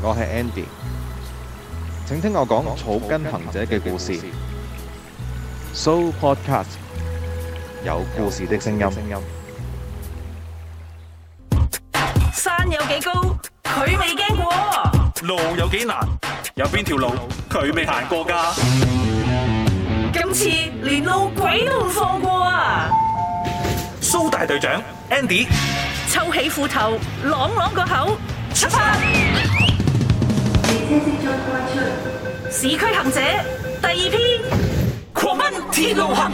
我係 Andy，請聽我講草根行者嘅故事。So Podcast 有故事的聲音。山有幾高，佢未驚過；路有幾難，有邊條路佢未行過？噶今次連路鬼都唔放過啊！蘇大隊長 Andy 抽起褲頭，朗朗個口出發。市區行者第二篇：狂奔鐵路行。路行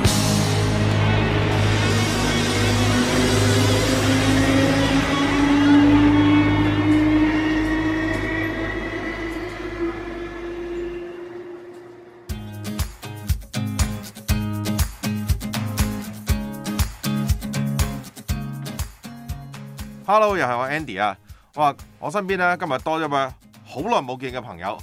Hello，又係我 Andy 啊！哇，我身邊咧今日多咗咩？好耐冇見嘅朋友，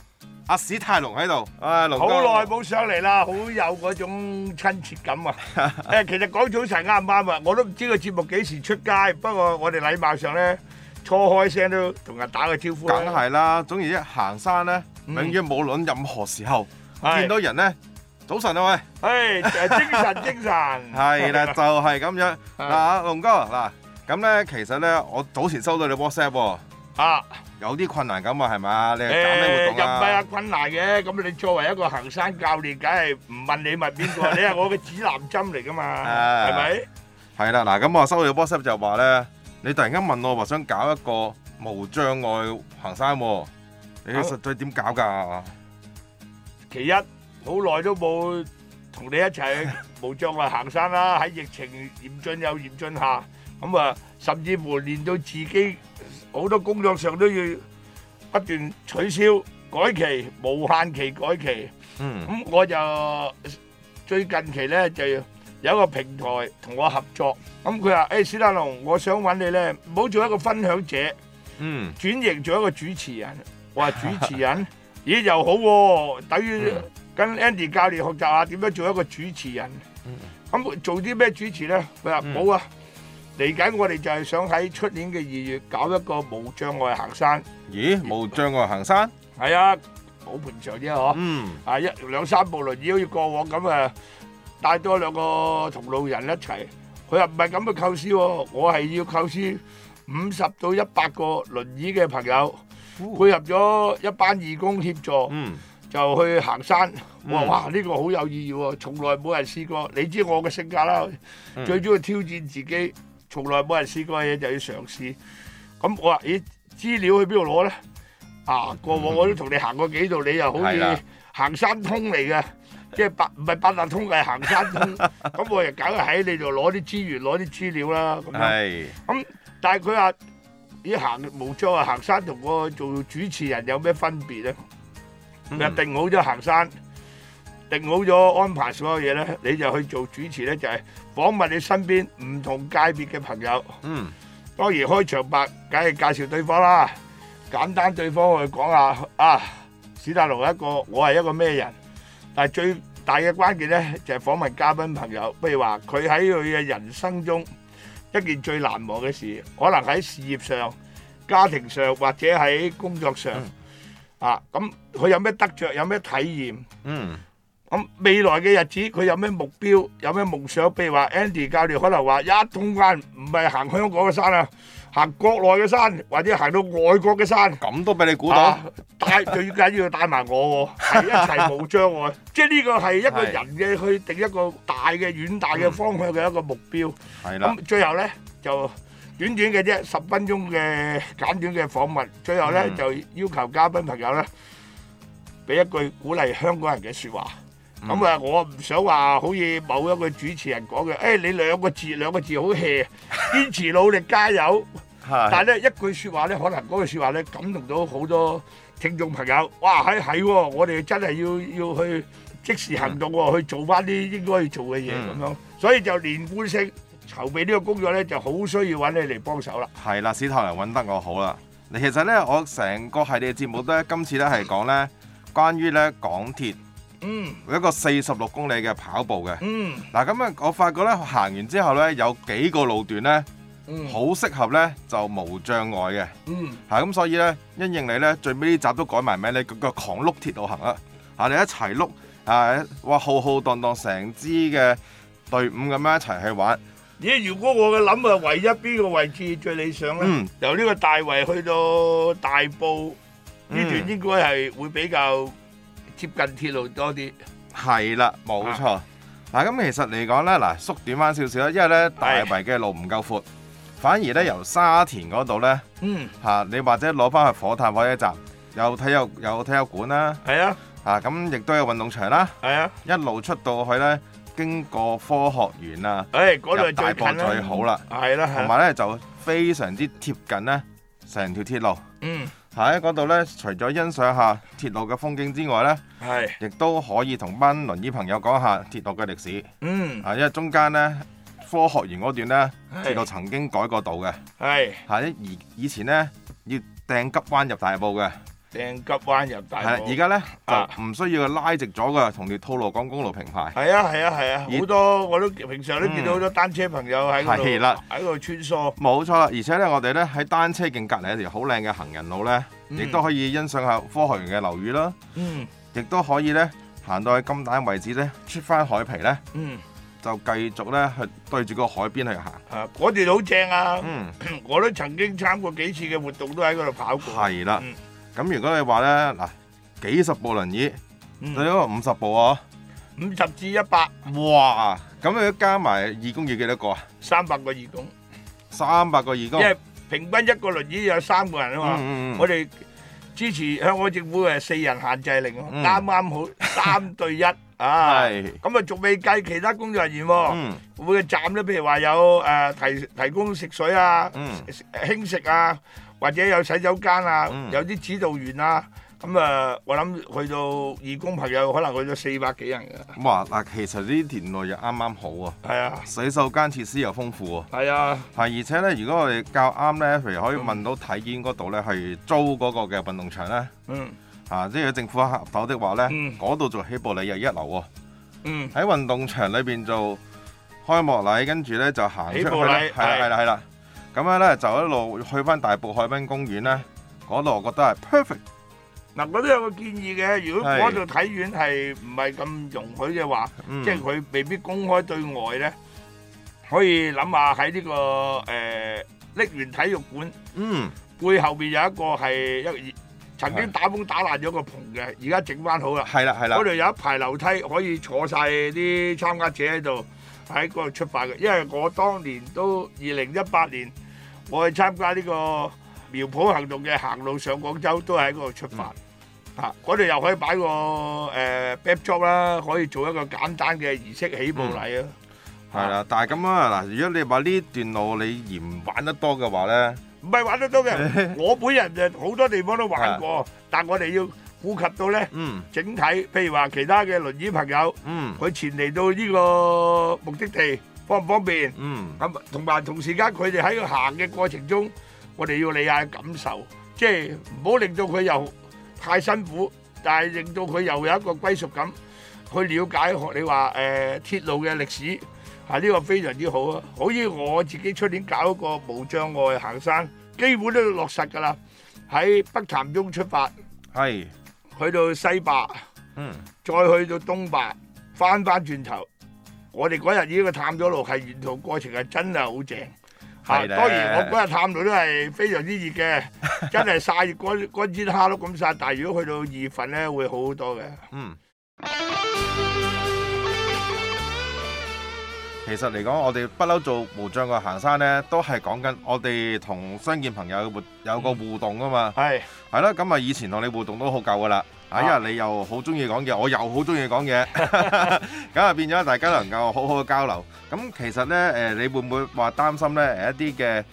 阿史泰龍喺度，龍哥，好耐冇上嚟啦，好有嗰種親切感啊！誒，其實講早晨啱唔啱啊？我都唔知個節目幾時出街，不過我哋禮貌上咧，初開聲都同人打個招呼。梗係啦，總之一行山咧，永遠無論任何時候見到人咧，早晨啊喂，誒，精神精神，係啦，就係咁樣。嗱，龍哥嗱，咁咧其實咧，我早前收到你 WhatsApp，啊。有啲困難咁啊，係嘛？你係搞咩活動啊？咁啊困難嘅，咁你作為一個行山教練，梗係唔問你問邊個？你係我嘅指南針嚟噶嘛？係咪？係啦，嗱，咁我收到 WhatsApp 就話咧，你突然間問我話想搞一個無障礙行山喎，你實在點搞㗎？其一，好耐都冇同你一齊無障礙行山啦，喺疫情嚴峻又嚴峻下，咁啊，甚至乎練到自己。好多工作上都要不斷取消改期，無限期改期。咁我就最近期咧就要有一個平台同我合作。咁佢話：誒，史丹龍，我想揾你咧，唔好做一個分享者，轉型做一個主持人。我話主持人，咦又好喎，等於跟 Andy 教練學習下點樣做一個主持人。咁做啲咩主持咧？佢話冇啊。嚟緊我哋就係想喺出年嘅二月搞一個無障礙行山。咦？無障礙行山？係、嗯、啊，冇盤上啫。啊嗬。嗯。啊，一兩三部輪椅好似過往咁啊，帶多兩個同路人一齊。佢又唔係咁嘅構思喎，我係要構思五十到一百個輪椅嘅朋友，配合咗一班義工協助，嗯、就去行山。哇！呢、這個好有意義喎，從來冇人試過。你知我嘅性格啦，嗯、最中意挑戰自己。從來冇人試過嘅嘢就要嘗試，咁我話：咦，資料去邊度攞咧？啊，過往我都同你行過幾度，你又好似行山通嚟嘅，即係八唔係八達通，係行山通。咁我又梗係喺你度攞啲資源，攞啲資料啦。咁樣，咁但係佢話：咦，行無錯啊，行山同我做主持人有咩分別咧？唔一定好咗行山。定好咗安排所有嘢呢，你就去做主持呢，就係、是、訪問你身邊唔同界別嘅朋友。嗯，當然開場白梗係介紹對方啦，簡單對方去哋講下啊，史大龍一個，我係一個咩人？但係最大嘅關鍵呢，就係、是、訪問嘉賓朋友，譬如話佢喺佢嘅人生中一件最難忘嘅事，可能喺事業上、家庭上或者喺工作上、嗯、啊，咁佢有咩得着，有咩體驗？嗯。咁未來嘅日子，佢有咩目標，有咩夢想？譬如話 Andy 教練可能話一通關，唔係行香港嘅山啊，行國內嘅山，或者行到外國嘅山，咁都俾你估到。啊、帶最緊 要帶埋我，係一齊無障礙。 即係呢個係一個人嘅去定一個大嘅遠大嘅方向嘅一個目標。係啦、嗯，咁最後咧就短短嘅啫，十分鐘嘅簡短嘅訪問。最後咧、嗯、就要求嘉賓朋友咧，俾一句鼓勵香港人嘅說話。咁啊，嗯、我唔想話，好似某一個主持人講嘅，誒、哎，你兩個字兩個字好 hea， 堅持、努力、加油。係。 但係咧，一句説話咧，可能嗰句説話咧，感動到好多聽眾朋友。哇，係係喎，我哋真係要要去即時行動喎，嗯、去做翻啲應該要做嘅嘢咁樣。所以就連貫性籌備呢個工作咧，就好需要揾你嚟幫手啦。係啦，史頭人揾得我好啦。你其實咧，我成個系列嘅節目都今次咧係講咧關於咧港鐵。嗯，一個四十六公里嘅跑步嘅，嗯，嗱咁啊，我發覺咧行完之後咧，有幾個路段咧，好適合、嗯、咧就無障礙嘅，嗯，吓咁所以咧，因應你咧最尾呢集都改埋咩咧？個狂碌鐵路行啊，吓你一齊碌，啊，哇、啊、浩浩蕩蕩成支嘅隊伍咁樣一齊去玩。咦？如果我嘅諗啊，唯一邊個位置最理想咧？嗯、由呢個大圍去到大埔呢、嗯、段應該係會比較。貼近鐵路多啲，係啦，冇錯。嗱，咁其實嚟講咧，嗱縮短翻少少啦，因為咧大圍嘅路唔夠闊，哎、反而咧由沙田嗰度咧，嚇、嗯啊、你或者攞翻去火炭火車站，有體育有體、體育館啦，係是的 啊，嚇咁亦都有運動場啦，係啊，一路出到去咧，經過科學園啊，誒嗰度最近最好啦，係啦、嗯，同埋咧就非常之貼近咧，成條鐵路，嗯。喺嗰度呢，除咗欣賞一下鐵路嘅風景之外呢，亦都是可以同班輪椅朋友講下鐵路嘅歷史。嗯，因為中間呢，科學園嗰段呢，是鐵路曾經改過道嘅。是而以前呢，要掟急彎入大埔嘅。掟急彎入大埔，係而家咧就唔需要拉直咗噶，同條吐露港公路平排。係啊，係啊，係啊！好多我都平常都見到好多單車朋友喺嗰度喺度穿梭。冇錯，而且咧，我哋咧喺單車徑隔離一條好靚嘅行人路咧，亦都可以欣賞下科學園嘅樓宇啦。嗯，亦都可以咧行到去金蛋位置咧，出翻海皮咧，嗯，就繼續咧去對住個海邊去行。啊，嗰段好正啊！嗯，我都曾經參加幾次嘅活動，都喺嗰度跑過。係啦。咁如果你話咧嗱，幾十部輪椅，最多五十部啊，五十至一百，哇！咁你都加埋義工要幾多個啊？三百個義工，三百個義工，即係平均一個輪椅有三個人啊嘛，我哋支持，香港政府嘅四人限制令，啱啱好三對一啊，咁啊，仲未計其他工作人員，每個站咧，譬如話有誒提提供食水啊，輕食啊。或者有洗手間啊，有啲指導員啊，咁啊、嗯嗯，我諗去到義工朋友可能去咗四百幾人嘅。咁啊，嗱，其實啲田內又啱啱好喎。係啊。洗、啊、手間設施又豐富喎。係啊。係、啊，而且咧，如果我哋較啱咧，譬如可以問到體檢嗰度咧，係租嗰個嘅運動場咧。嗯。啊，即係政府合攪的話咧，嗰度、嗯、做起步禮又一流喎、啊。嗯。喺運動場裏邊做開幕禮，跟住咧就行出去啦。係啦，係啦。咁樣咧就一路去翻大埔海濱公園咧，嗰度我覺得係 perfect。嗱，我都有個建議嘅，如果嗰度體院係唔係咁容許嘅話，嗯、即係佢未必公開對外咧，可以諗下喺呢個誒瀝、呃、源體育館，嗯，背後邊有一個係一個曾經打風打爛咗個棚嘅，而家整翻好啦。係啦，係啦。嗰度有一排樓梯可以坐晒啲參加者喺度，喺嗰度出發嘅，因為我當年都二零一八年。我去參加呢個苗圃行動嘅行路上廣州，都係喺嗰度出發。嚇，嗰度又可以擺個誒 backdrop 啦，可以做一個簡單嘅儀式起步禮啊。係啦，但係咁啊嗱，如果你話呢段路你嫌玩得多嘅話咧，唔係玩得多嘅，我本人就好多地方都玩過，但係我哋要顧及到咧，整體譬如話其他嘅輪椅朋友，佢前嚟到呢個目的地。方唔方便？嗯，咁同埋同時間，佢哋喺度行嘅過程中，我哋要理下感受，即係唔好令到佢又太辛苦，但係令到佢又有一個歸屬感，去了解學你話誒、呃、鐵路嘅歷史，係、啊、呢、這個非常之好啊！好似我自己出年搞一個無障礙行山，基本都落實㗎啦，喺北潭涌出發，係是去到西壩，嗯，再去到東壩，翻翻轉頭。我哋嗰日呢個探咗路，係沿途過程係真係好正，嚇是的、啊！當然我嗰日探路都係非常之熱嘅，真係晒熱乾乾煎蝦碌咁晒。但係如果去到二月份咧，會好好多嘅。嗯，其實嚟講，我哋不嬲做無障礙行山咧，都係講緊我哋同傷健朋友有個互動㗎嘛。係係啦，咁啊、嗯，以前同你互動都好夠㗎喇。啊、哎呀你又好中意講嘢，我又好中意講嘢，咁啊 變咗大家能夠好好交流。咁其實咧你會唔會話擔心咧一啲嘅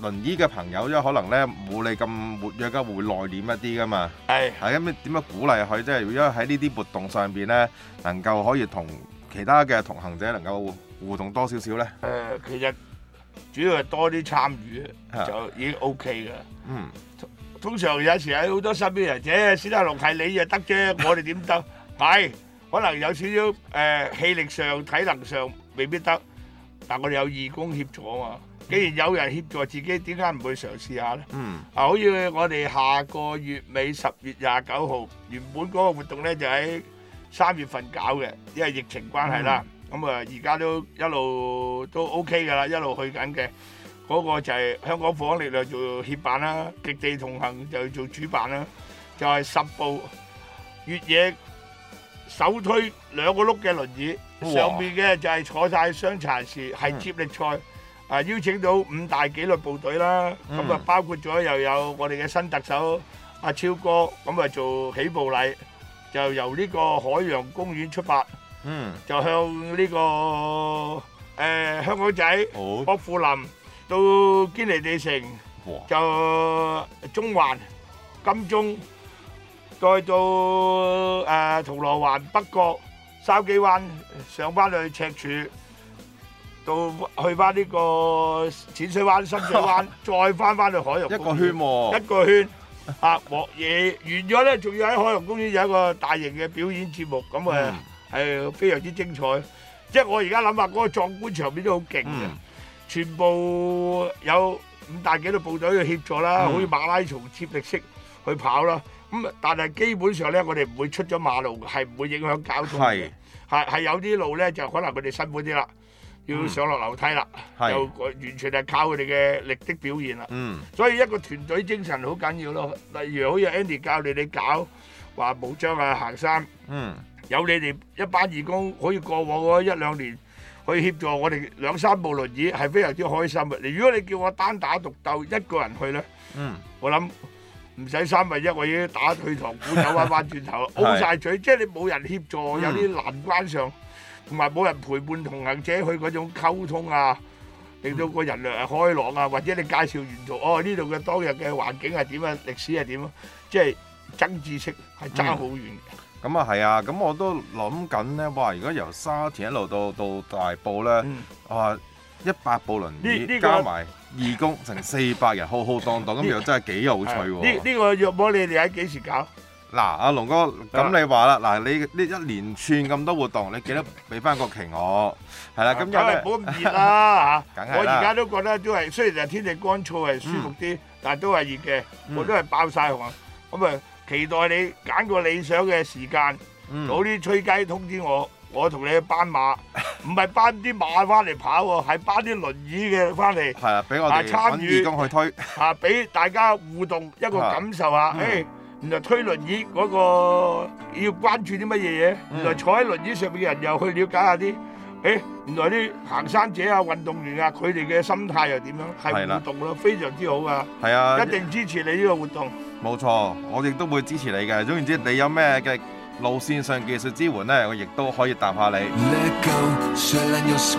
輪椅嘅朋友，因為可能咧冇你咁活躍嘅，會內斂一啲噶嘛？係是。係咁點樣鼓勵佢？即係如果喺呢啲活動上邊咧，能夠可以同其他嘅同行者能夠互動多少少咧、呃？其實主要係多啲參與的就已經 OK 嘅。嗯。通常有時喺好多身邊人，啫史德龍係你就得啫，我哋點得？係可能有少少誒氣力上、體能上未必得，但係我哋有義工協助啊嘛。既然有人協助自己，點解唔去嘗試下咧？嗯，啊，好似我哋下個月尾十月廿九號，原本嗰個活動咧就喺三月份搞嘅，因為疫情關係啦。咁啊，而家都一路都 OK 㗎啦，一路去緊嘅。嗰個就係香港火種力量做協辦啦，極地同行就做主辦啦，就係十部越野手推兩個轆嘅輪椅，上面嘅就係坐晒傷殘士，係接力賽，啊邀請到五大紀律部隊啦，咁啊包括咗又有我哋嘅新特首阿超哥，咁啊做起步禮，就由呢個海洋公園出發，嗯，就向呢個誒香港仔薄扶林。到堅尼地城就中環、金鐘，再到誒銅鑼灣、北角、筲箕灣上返去赤柱，到去翻呢個淺水灣、深水灣，再翻翻去海洋，一個圈喎，一個圈啊！莫嘢完咗咧，仲要喺海洋公園有一個大型嘅表演節目，咁誒係非常之精彩。即係我而家諗下嗰個壯觀場面都好勁嘅。全部有五大幾多部隊去協助啦，好似馬拉松接力式去跑啦。咁但係基本上咧，我哋唔會出咗馬路，係唔會影響交通嘅。係，係有啲路咧，就可能佢哋辛苦啲啦，要上落樓梯啦，就完全係靠佢哋嘅力的表現啦。嗯，所以一個團隊精神好緊要咯。例如好似 Andy 教你哋搞話武裝啊行山，嗯，有你哋一班義工可以過往嗰一兩年。去協助我哋兩三部輪椅係非常之開心嘅。你如果你叫我單打獨鬥一個人去咧，嗯，我諗唔使三分一，我已經打退堂鼓，走返返轉頭，O 晒嘴。即係你冇人協助，嗯、有啲難關上，同埋冇人陪伴同行者去嗰種溝通啊，令到個人誒開朗啊，或者你介紹沿途哦呢度嘅當日嘅環境係點啊，歷史係點啊，即係爭知識係爭好遠。嗯咁啊係啊，咁我都諗緊咧，哇！如果由沙田一路到到大埔咧，啊一百部輪椅加埋義工成四百人浩浩蕩蕩，咁又真係幾有趣喎！呢呢個約摸你哋喺幾時搞？嗱，阿龍哥，咁你話啦，嗱，你你一連串咁多活動，你記得俾翻個期我？係啦，咁又唔好咁熱啦嚇，我而家都覺得都係雖然係天氣乾燥係舒服啲，但係都係熱嘅，我都係爆曬汗，咁啊～期待你揀個理想嘅時間，早啲吹雞通知我，我同你去班馬，唔係班啲馬返嚟跑喎，係班啲輪椅嘅返嚟，係啊，俾我哋參與咁去推，吓俾、啊、大家互動一個感受啊。誒的原來推輪椅嗰個要關注啲乜嘢嘢，原來坐喺輪椅上面嘅人又去了解下啲。誒，原來啲行山者啊、運動員啊，佢哋嘅心態又點樣？係活動咯，啊、非常之好㗎。係啊，一定支持你呢個活動。冇錯，我亦都會支持你嘅。總言之，你有咩嘅路線上技術支援咧，我亦都可以答下你。Let go, 雖然有時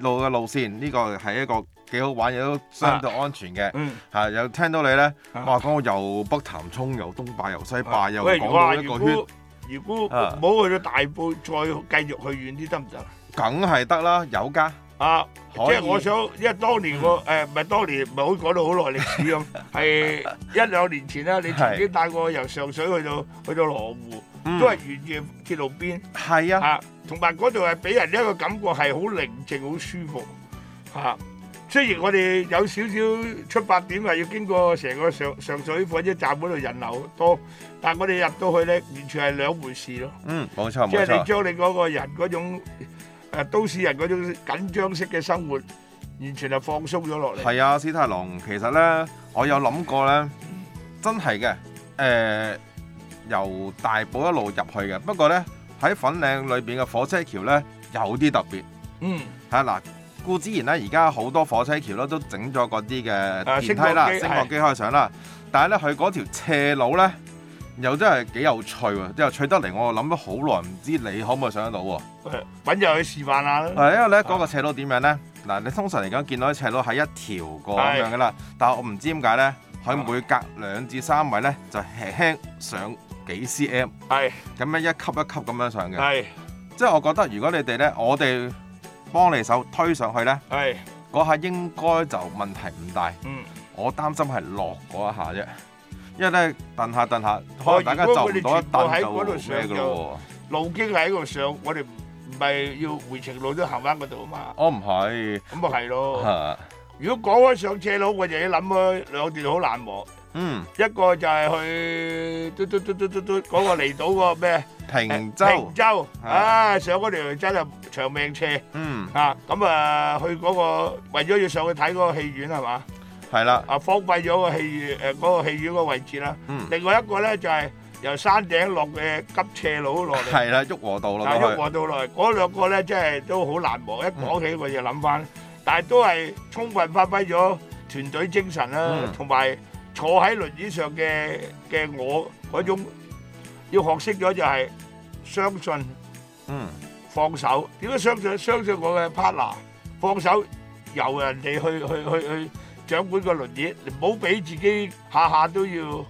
路嘅路線呢個係一個幾好玩又都相對安全嘅，嚇！有聽到你咧，我話講我由北潭涌由東壩由西壩又講一個圈。如果冇去到大埔，再繼續去遠啲得唔得？梗係得啦，有㗎啊！即係我想，因為當年我誒唔係當年唔係好講到好耐歷史咁，係一兩年前啦，你曾經帶我由上水去到去到羅湖。嗯、都係沿住鐵路邊，係啊，嚇、啊，同埋嗰度係俾人一個感覺係好寧靜、好舒服，嚇、啊。雖然我哋有少少出發點話要經過成個上上水火車站嗰度人流多，但係我哋入到去咧，完全係兩回事咯。嗯，冇錯冇錯。即係你將你嗰個人嗰種、啊、都市人嗰種緊張式嘅生活，完全就放鬆咗落嚟。係啊，史泰龍，其實咧，我有諗過咧，嗯、真係嘅，誒、呃。由大埔一路入去嘅，不過咧喺粉嶺裏邊嘅火車橋咧有啲特別，嗯嚇嗱，固之然咧而家好多火車橋咧都整咗嗰啲嘅電梯啦、啊，升降機,機可以上啦，是但係咧佢嗰條斜路咧又真係幾有趣喎，之後趣得嚟，我諗咗好耐，唔知你可唔可以上得到喎？誒，搵日去示範下啦。係因為咧嗰、嗰個斜路點樣咧？嗱、啊，你通常嚟講見到啲斜路係一條過咁樣噶啦，是但係我唔知點解咧，佢每隔兩至三米咧就輕輕上。幾 cm，係咁樣一級一級咁樣上嘅，係即係我覺得如果你哋咧，我哋幫你手推上去咧，係嗰下應該就問題唔大，嗯，我擔心係落嗰一下啫，因為咧蹬下蹬下，可能大家就唔多蹬就落咩嘅咯，路經喺嗰度上，我哋唔係要回程路都行翻嗰度啊嘛，哦唔係，咁咪係咯，如果講開上斜路，我就要諗啊兩段好難行。嗯，一個就係去，都都都都都都嗰個離島個咩？平洲，平洲，啊，上嗰條真係長命斜。嗯，啊，咁啊去嗰個為咗要上去睇嗰個戲院係嘛？係啦，啊封閉咗個戲院誒，嗰個戲院個位置啦。嗯，另外一個咧就係由山頂落嘅急斜路落嚟。係啦，旭龢道咯。但係旭龢道落嚟嗰兩個咧，真係都好難忘。一講起呢個就諗翻，但係都係充分發揮咗團隊精神啦，同埋。坐喺輪椅上嘅嘅我嗰種要學識咗就係相信，嗯，放手。點解相信相信我嘅 partner？放手由人哋去去去去去掌管個輪椅，你唔好俾自己下下都要誒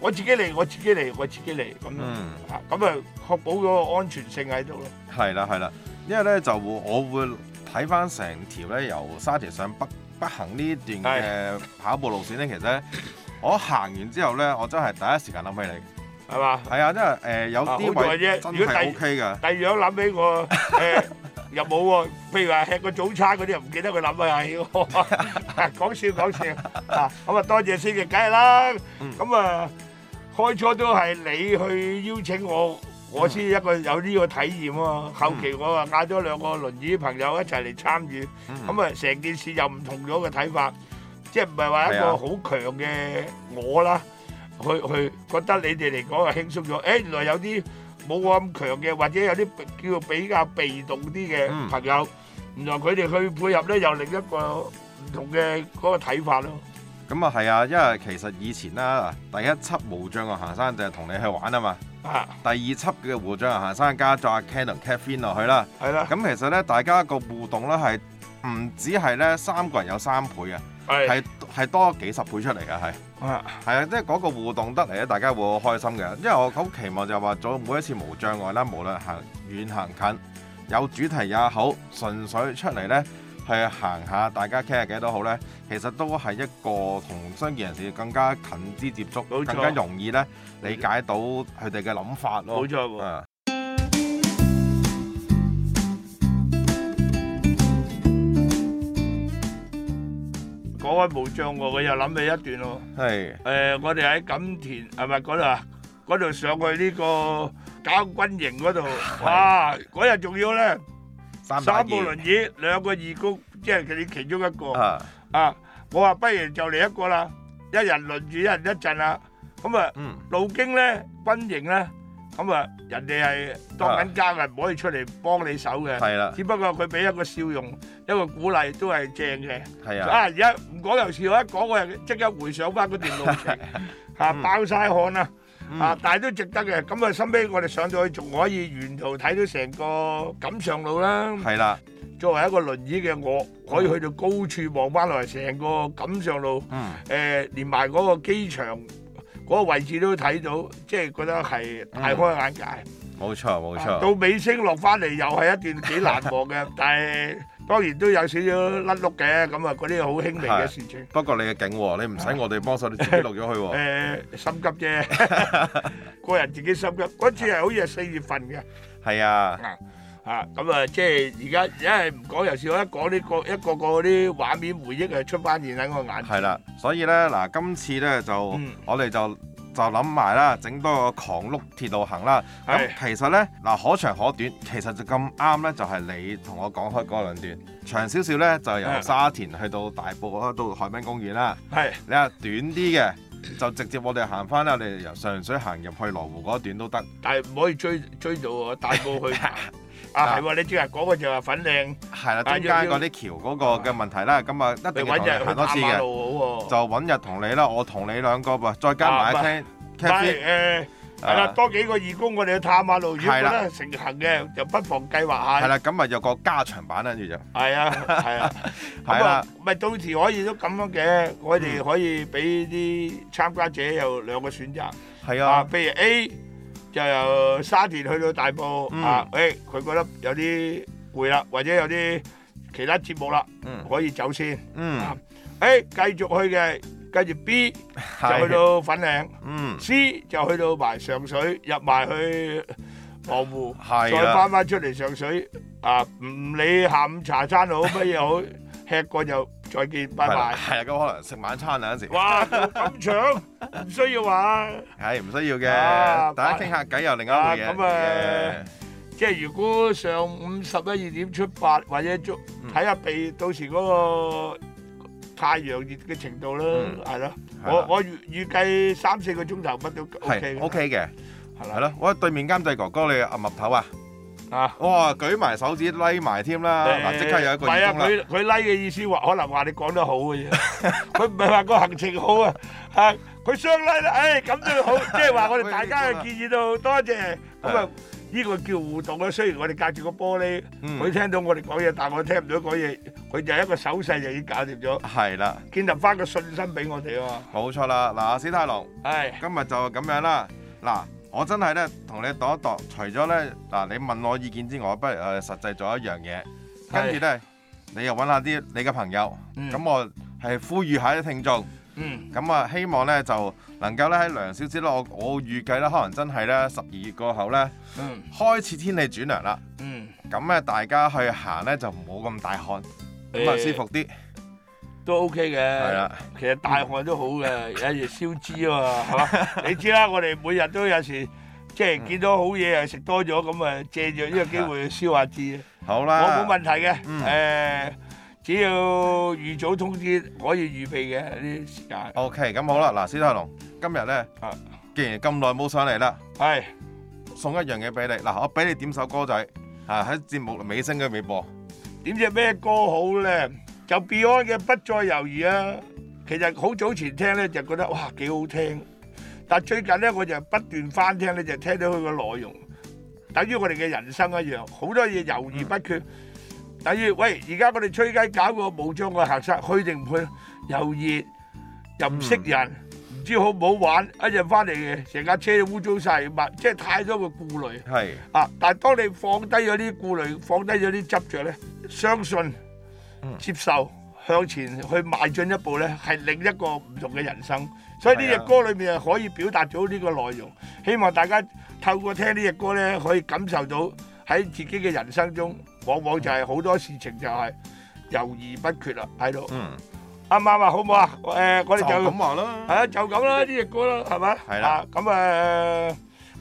我自己嚟，我自己嚟，我自己嚟咁啊！咁啊，嗯，確保咗安全性喺度咯。係啦，係啦，因為咧就我會睇翻成條咧由沙田上北。不行呢段嘅跑步路線咧，其實咧，我行完之後咧，我真係第一時間諗起你，係嘛？係啊，因為誒有啲位，如果第第二樣諗起我誒又冇喎，譬如話吃個早餐嗰啲又唔記得佢諗啊，講笑講笑啊！咁啊，多謝先，梗係啦，咁啊開初都係你去邀請我。我先一個有呢個體驗喎，啊，後期我啊嗌咗兩個輪椅朋友一齊嚟參與，咁啊成件事又唔同咗嘅睇法，即係唔係話一個好強嘅我啦，啊，去去覺得你哋嚟講啊輕鬆咗，誒、欸、原來有啲冇咁強嘅，或者有啲叫比較被動啲嘅朋友，嗯、原來佢哋去配合咧又另一個唔同嘅嗰個睇法咯，啊。咁啊係啊，因為其實以前啦第一輯無障礙行山就係同你去玩啊嘛。啊、第二輯嘅湖上行山加咗阿 Canon、Caffeine 落去啦，係啦。咁其實咧，大家個互動咧係唔止係咧三個人有三倍嘅，係係的多幾十倍出嚟嘅係。係啊，即係嗰個互動得嚟咧，大家會好開心嘅。因為我好期望就話做每一次無障礙啦，無論行遠行近，有主題也好，純粹出嚟咧。去行下，大家傾下偈都好咧？其實都係一個同相關人士更加近之接觸，更加容易咧理解到佢哋嘅諗法咯。冇錯喎。講開無障礙，我又諗起一段咯。係。誒，我哋喺錦田係咪嗰度啊？嗰度上去呢個搞軍營嗰度，哇！嗰日仲要咧～三部輪椅，兩個義工，即係佢哋其中一個。Uh, 啊，我話不如就嚟一個啦，一人輪住一人一陣啊。咁啊，mm. 路經咧軍營咧，咁啊，人哋係當緊家嘅，唔、uh. 可以出嚟幫你手嘅。係啦。只不過佢俾一個笑容，一個鼓勵都係正嘅。係 Yeah. 啊。啊，而家唔講又笑，一講我又即刻回想翻段路程，嚇爆曬汗啊！嗯、啊！但係都值得嘅。咁、嗯、啊，收尾我哋上到去仲可以沿途睇到成個錦上路啦。係啦的。作為一個輪椅嘅我，可以去到高處望翻落嚟，成個錦上路。嗯。誒、呃，連埋嗰個機場嗰個位置都睇到，即係覺得係大開眼界。冇、嗯、錯，冇錯、啊。到尾聲落翻嚟又係一段幾難忘嘅， 但係。當然都有少少甩碌嘅，咁啊嗰啲好輕微嘅事情。不過你嘅勁喎，你唔使我哋幫手，你自己錄咗去喎。誒，心急啫，個人自己心急。嗰次係好似係四月份嘅。係啊。啊，嚇！咁啊，即係而家一係唔講又少，一講呢個一個個嗰啲畫面回憶係出翻現喺我眼。係啦，所以咧嗱，今次咧就我哋就。就諗埋啦，整多個狂碌鐵路行啦。咁是其實呢，嗱可長可短，其實就咁啱呢。就係你同我講開嗰兩段，長少少呢，就由沙田去到大埔啊，的到海濱公園啦。係的你話短啲嘅，就直接我哋行返啦，我哋由上水行入去羅湖嗰一段都得。但係唔可以追追到我，大埔去行。 啊，係喎！你即係嗰個就係粉嶺，係啦，中間嗰啲橋嗰個嘅問題啦，咁啊一定行行多次嘅，就揾日同你啦，我同你兩個噃，再加埋一廳 captain 誒，係啦，多幾個義工，我哋去探下路，如果覺得成行嘅，就不妨計劃下。係啦，咁啊有個加長版啦，跟住就係啊，係啊，係啦，咪到時可以都咁樣嘅，我哋可以俾啲參加者有兩個選擇，係啊，譬如 A。就由沙田去到大埔、嗯、啊，誒、欸，佢覺得有啲攰啦，或者有啲其他節目啦，嗯、可以走先。誒、嗯啊欸，繼續去嘅，跟住 B 就去到粉嶺的，C 就去到埋上水，入埋去羅湖，的再翻翻出嚟上水啊！唔理下午茶餐好乜嘢好， 吃過又。再見，拜拜。係啊，咁可能食晚餐嗱陣時。哇，咁長唔需要話。係唔需要嘅，大家傾下偈又另一回嘢。咁誒，即係如果上午十一二點出發，或者睇下鼻，到時嗰個太陽熱嘅程度啦，係咯。我我預預計三四個鐘頭乜都 OK 嘅。OK 嘅，係啦。係咯，我喺對面監製哥哥，你壓麥頭啊！啊！哇！舉埋手指，拉埋添啦！嗱，即刻有一個員工啦。係啊，佢佢拉嘅意思，話可能話你講得好嘅嘢。佢唔係話個行程好啊，係佢相拉啦。誒，咁都好，即係話我哋大家嘅建議都好多謝。咁啊，呢個叫互動啊。雖然我哋隔住個玻璃，佢聽到我哋講嘢，但我聽唔到講嘢。佢就係一個手勢，就已經搞掂咗。係啦，建立翻個信心俾我哋啊嘛。冇錯啦！嗱，阿史泰龍，係，今日就係咁樣啦。嗱。我真係咧同你度一度，除咗咧嗱，你問我意見之外，不如誒實際做一樣嘢，是跟住咧你又揾下啲你嘅朋友，咁、嗯、我係呼籲下啲聽眾，咁、嗯、啊希望咧就能夠咧喺涼少少咯。我我預計咧可能真係咧十二月過後咧、嗯、開始天氣轉涼啦，咁咧、嗯嗯、大家去行咧就唔好咁大汗，咁啊舒服啲。欸都 OK 嘅，其實大汗都好嘅，有時燒脂啊嘛，係嘛？你知啦，我哋每日都有時即係見到好嘢，又食多咗，咁啊借住呢個機會燒下脂。好啦，我冇問題嘅，誒只要預早通知，可以預備嘅啲時間。OK，咁好啦，嗱，史泰龍今日咧，既然咁耐冇上嚟啦，係送一樣嘢俾你，嗱，我俾你點首歌仔啊，喺節目尾聲嘅尾播，點知咩歌好咧？有 Beyond 嘅不再猶豫啊，其實好早前聽咧就覺得哇幾好聽，但最近咧我就不斷翻聽咧就聽到佢個內容，等於我哋嘅人生一樣，好多嘢猶豫不決。嗯、等於喂，而家我哋吹雞搞個武裝嘅行山，去定唔去？又熱，又唔識人，唔、嗯、知好唔好玩，一陣翻嚟成架車污糟晒，物，即係太多個顧慮。係是啊，但當你放低咗啲顧慮，放低咗啲執着咧，相信。嗯、接受向前去邁進一步咧，係另一個唔同嘅人生。所以呢隻歌裏面係，可以表達到呢個內容。希望大家透過聽這呢隻歌咧，可以感受到喺自己嘅人生中，往往就係好多事情就係猶豫不決啦喺度。嗯，啱唔啱啊？好唔好啊？誒哇、呃，我哋就咁話咯。係啊，就咁啦，呢隻歌啦，係咪？係啦的，咁誒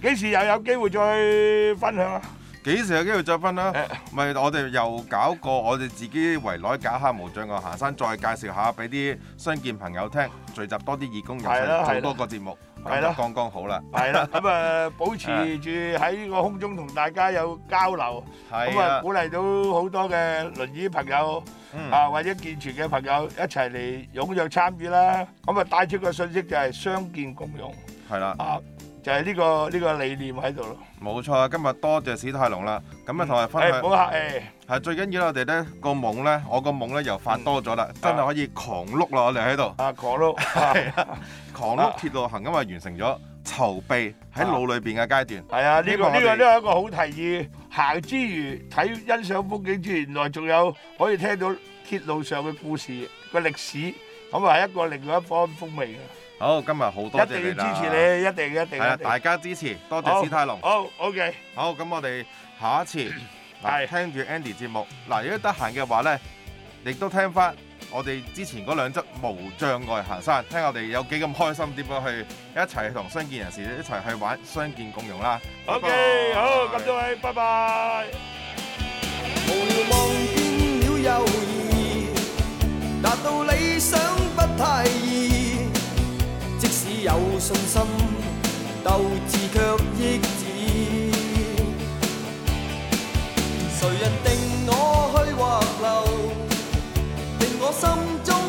幾時又有機會再分享啊？幾時有機會再分啦？咪、哎、我哋又搞過我哋自己圍內搞下無障嘅行山，再介紹一下俾啲相見朋友聽，聚集多啲義工入嚟的做多個節目，係啦的，剛剛好啦，係啦，咁、嗯、啊，保持住喺呢個空中同大家有交流，咁啊的，鼓勵到好多嘅輪椅朋友啊，嗯、或者健全嘅朋友一齊嚟踴躍參與啦，咁啊，帶出個信息就係相見共融，係啦的。啊誒，呢、這個呢、這個理念喺度咯，冇錯啊！今日多謝史泰龍啦，咁啊同佢分享。好、嗯哎、客，誒，係最緊要我哋咧個夢咧，我個夢咧又發多咗啦，嗯、真係可以狂碌咯！啊、我哋喺度。啊，狂碌， 啊、狂碌鐵路行，咁啊完成咗籌備喺腦裏邊嘅階段。係啊，呢、這個呢、這個都係、這個、一個好提議。行之餘睇欣賞風景之餘，原來仲有可以聽到鐵路上嘅故事個歷史，咁啊係一個另外一番風味嘅。好，今日好多謝你啦！一定要支持你，一定一定。係啊，大家支持，多謝史泰龍。好，OK 好，咁我哋下一次，嗱是，聽住 Andy 節目。嗱，如果得閒嘅話咧，亦都聽翻我哋之前嗰兩則無障礙行山，聽我哋有幾咁開心，點樣去一齊同傷健人士一齊去玩傷健共融啦。OK，拜拜好，咁多位，拜拜。無聊望見了猶豫，達到理想不太易。有信心，鬥志卻抑止。誰人定我去或留？定我心中。